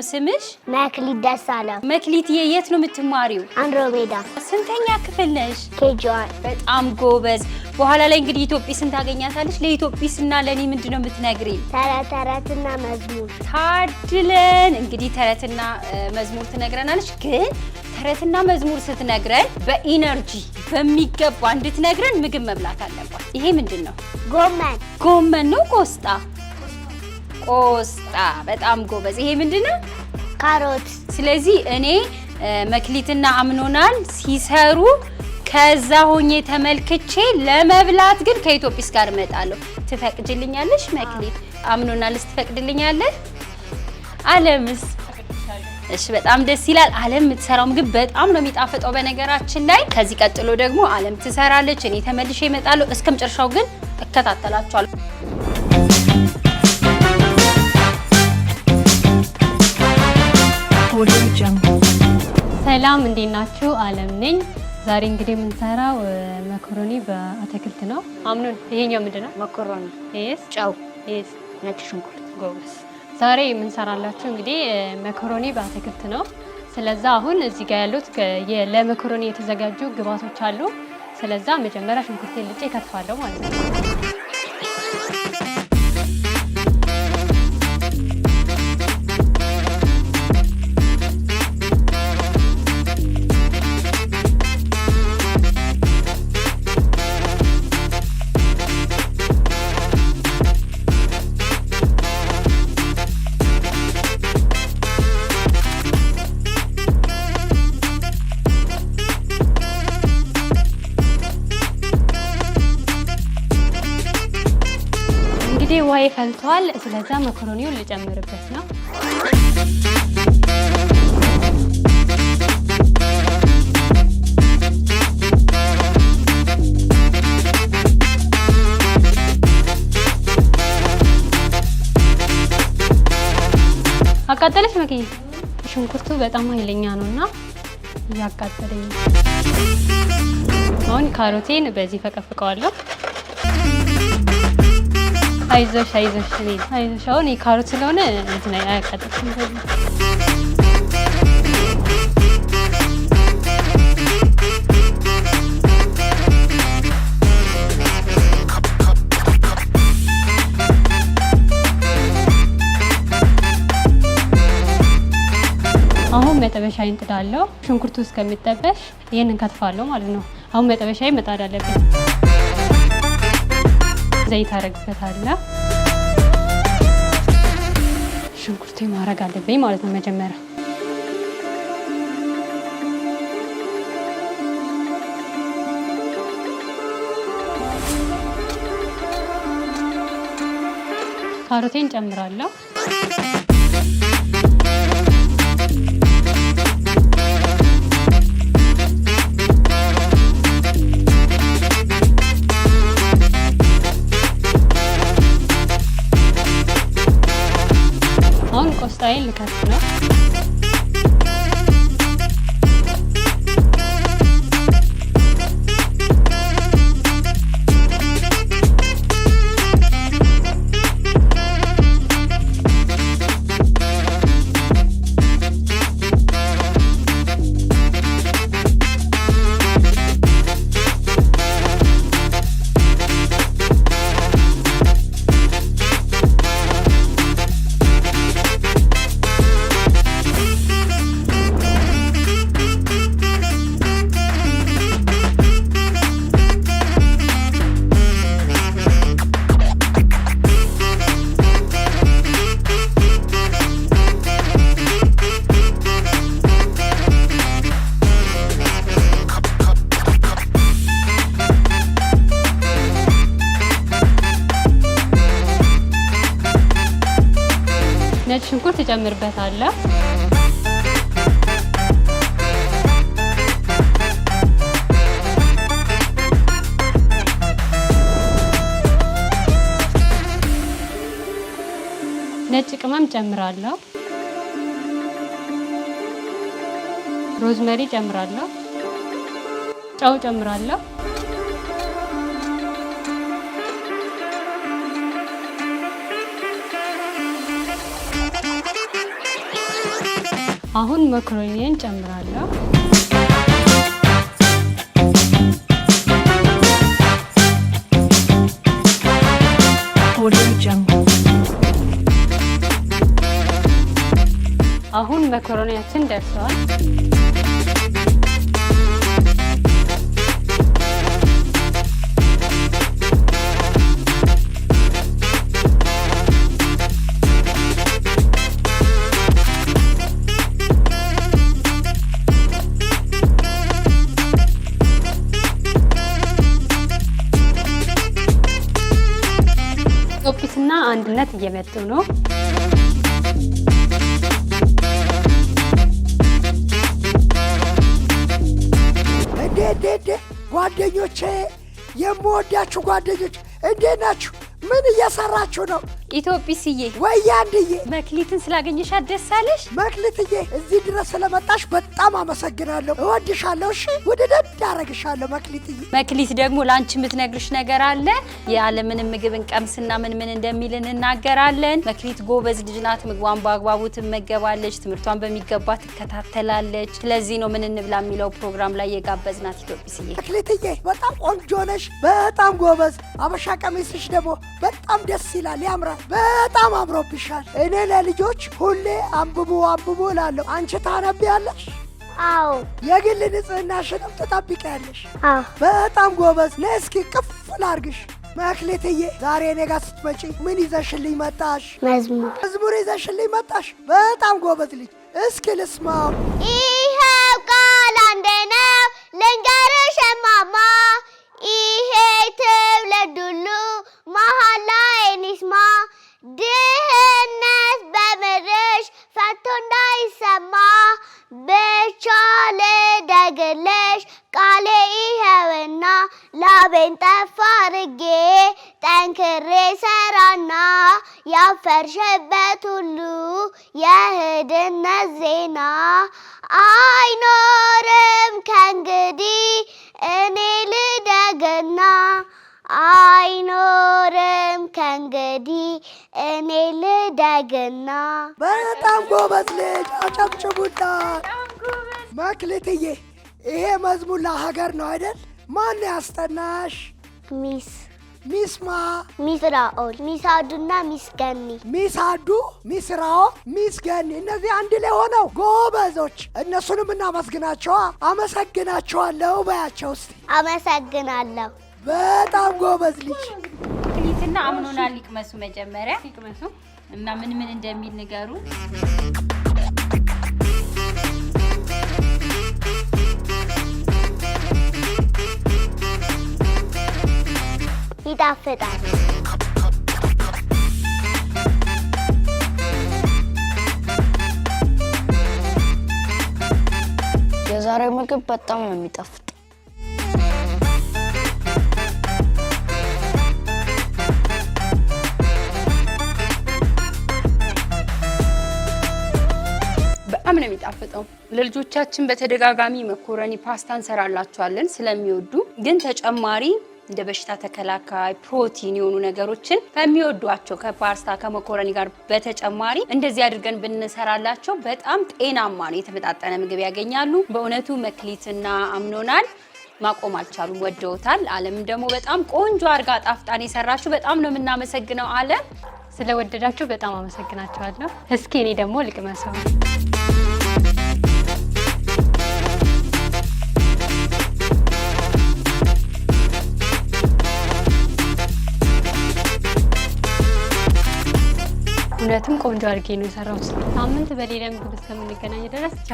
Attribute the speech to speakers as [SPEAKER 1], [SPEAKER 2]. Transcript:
[SPEAKER 1] ነው ስምሽ?
[SPEAKER 2] መክሊት ደሳለ።
[SPEAKER 1] መክሊትዬ፣ የት ነው የምትማሪው? አንድሮሜዳ። ስንተኛ ክፍል ነሽ? ኬጂዋን። በጣም ጎበዝ። በኋላ ላይ እንግዲህ ኢትዮጲስን ታገኛታለች። ለኢትዮጲስና ለእኔ ምንድን ነው የምትነግሪ?
[SPEAKER 2] ተረተረትና መዝሙር።
[SPEAKER 1] ታድለን እንግዲህ ተረትና መዝሙር ትነግረናለች። ግን ተረትና መዝሙር ስትነግረን በኢነርጂ በሚገባ እንድትነግረን ምግብ መብላት አለባት። ይሄ ምንድን ነው? ጎመን። ጎመን ነው። ቆስጣ ቆስጣ። በጣም ጎበዝ። ይሄ ምንድነው? ካሮት። ስለዚህ እኔ መክሊትና አምኖናል ሲሰሩ ከዛ ሆኜ ተመልክቼ ለመብላት ግን ከኢትዮጲስ ጋር እመጣለሁ። ትፈቅጅልኛለሽ? መክሊት አምኖናልስ ትፈቅድልኛለሽ? አለምስ? እሺ፣ በጣም ደስ ይላል። አለም የምትሰራው ምግብ በጣም ነው የሚጣፍጠው። በነገራችን ላይ ከዚህ ቀጥሎ ደግሞ አለም ትሰራለች፣ እኔ ተመልሼ እመጣለሁ። እስከ መጨረሻው ግን እከታተላችኋለሁ። ሰላም እንዴት ናችሁ? አለም ነኝ። ዛሬ እንግዲህ የምንሰራው መኮሮኒ በአትክልት ነው። አምኑን ይሄኛው ምንድን ነው? መኮሮኒ ስ ጨው፣ ስ ነጭ ሽንኩርት። ጎበስ። ዛሬ የምንሰራላችሁ እንግዲህ መኮሮኒ በአትክልት ነው። ስለዛ አሁን እዚህ ጋር ያሉት ለመኮሮኒ የተዘጋጁ ግብአቶች አሉ። ስለዛ መጀመሪያ ሽንኩርት ልጬ ከትፋለሁ ማለት ነው። እንግዲህ ውሃ ፈልቷል። ስለዛ መኮረኒውን ልጨምርበት ነው። አቃጠለች መክዬ። ሽንኩርቱ በጣም ኃይለኛ ነው እና እያቃጠለኝ አሁን ካሮቴን በዚህ ፈቀፍቀዋለሁ። አይዞሽ አይዞሽ እኔ አይዞሽ። አሁን የካሮት ስለሆነ እንትን አያቃጥልም። አሁን መጠበሻ ይንጥዳለው። ሽንኩርቱ እስከሚጠበሽ ይህንን ከትፋለሁ ማለት ነው። አሁን መጠበሻ መጣድ አለብን። ዘይት አደርግበታለሁ። ሽንኩርቴ ማድረግ አለብኝ ማለት ነው መጀመሪያ ካሮቴን ጨምራለሁ። ቁጣዬን ልከፍት ነው። ሽንኩርት እጨምርበታለሁ። ነጭ ቅመም ጨምራለሁ። ሮዝመሪ ጨምራለሁ። ጨው ጨምራለሁ። አሁን መኮረኒን ጨምራለሁ። አሁን መኮረኒያችን ደርሰዋል። አንድነት እየመጡ ነው።
[SPEAKER 3] እንዴ ጓደኞቼ፣ የምወዳችሁ ጓደኞች እንዴ ናችሁ? ምን እየሰራችሁ ነው?
[SPEAKER 1] ኢትዮጵስዬ
[SPEAKER 3] ወይ አንድዬ
[SPEAKER 1] መክሊትን ስላገኘሻት ደስ አለሽ።
[SPEAKER 3] መክሊትዬ እዚህ ድረስ ስለመጣሽ በጣም አመሰግናለሁ። እወድሻለሁ። እሺ ውድድድ አረግሻለሁ መክሊትዬ።
[SPEAKER 1] መክሊት ደግሞ ለአንቺ የምትነግርሽ ነገር አለ። የዓለምንም ምግብ እንቀምስና ምን ምን እንደሚል እንናገራለን። መክሊት ጎበዝ ልጅ ናት። ምግቧን በአግባቡ ትመገባለች፣ ትምህርቷን በሚገባ ትከታተላለች። ስለዚህ ነው ምን እንብላ የሚለው ፕሮግራም ላይ የጋበዝናት ኢትዮጵስዬ።
[SPEAKER 3] መክሊትዬ በጣም ቆንጆ ነሽ፣ በጣም ጎበዝ። አበሻ ቀሚስሽ ደግሞ በጣም ደስ ይላል፣ ያምራል። በጣም አምሮብሻል። እኔ ለልጆች ሁሌ አንብቡ አንብቡ እላለሁ። አንቺ ታነቢያለሽ? አዎ። የግል ንጽህናሽንም ትጠብቂያለሽ? አዎ። በጣም ጎበዝ። ነይ እስኪ ቅፍ መክሌትዬ ዛሬ እኔ ጋር ስትመጪ ምን ይዘሽልኝ መጣሽ? መዝሙር። መዝሙር ይዘሽልኝ መጣሽ? በጣም ጎበዝ ልጅ። እስኪ ልስማው
[SPEAKER 4] አርጌ ጠንክሬ ሰራና ያፈርሸበት ሁሉ የህድነት ዜና አይኖርም ከእንግዲህ እኔ ልደግና አይኖርም ከእንግዲህ እኔ ልደግና።
[SPEAKER 3] በጣም ጎበዝ ልጅ አጨብጭቡና። መክሊትዬ ይሄ መዝሙር ለሀገር ነው አይደል? ማን ያስጠናሽ? ሚስ ሚስማ
[SPEAKER 2] ሚስራኦል ሚሳዱና ሚስገኒ
[SPEAKER 3] ሚሳዱ ሚስራኦ ሚስገኒ እነዚህ አንድ ላይ ሆነው ጎበዞች። እነሱንም እናመስግናቸዋ። አመሰግናቸዋለሁ በያቸው ውስጥ
[SPEAKER 2] አመሰግናለሁ።
[SPEAKER 3] በጣም ጎበዝ ልጅ
[SPEAKER 1] ፕሊትና አምኖና ሊቅመሱ መጀመሪያ ሊቅመሱ እና ምን ምን እንደሚል ንገሩ።
[SPEAKER 2] ይጣፍጣል። የዛሬው ምግብ በጣም ነው የሚጣፍጥ።
[SPEAKER 1] በጣም ነው የሚጣፍጠው። ለልጆቻችን በተደጋጋሚ መኮረኒ ፓስታ እንሰራላቸዋለን ስለሚወዱ ግን ተጨማሪ እንደ በሽታ ተከላካይ ፕሮቲን የሆኑ ነገሮችን ከሚወዷቸው ከፓስታ ከመኮረኒ ጋር በተጨማሪ እንደዚህ አድርገን ብንሰራላቸው በጣም ጤናማ ነው፣ የተመጣጠነ ምግብ ያገኛሉ። በእውነቱ መክሊትና አምኖናል ማቆም አልቻሉም፣ ወደውታል። አለም ደግሞ በጣም ቆንጆ አድርጋ ጣፍጣን የሰራችሁ በጣም ነው የምናመሰግነው አለም። ስለወደዳችሁ በጣም አመሰግናቸዋለሁ። እስኪ እኔ ደግሞ ልቅመሰው። በእውነትም ቆንጆ አድርጌ ነው የሰራሁት። ሳምንት በሌላ ምግብ እስከምንገናኝ ድረስ ቻ።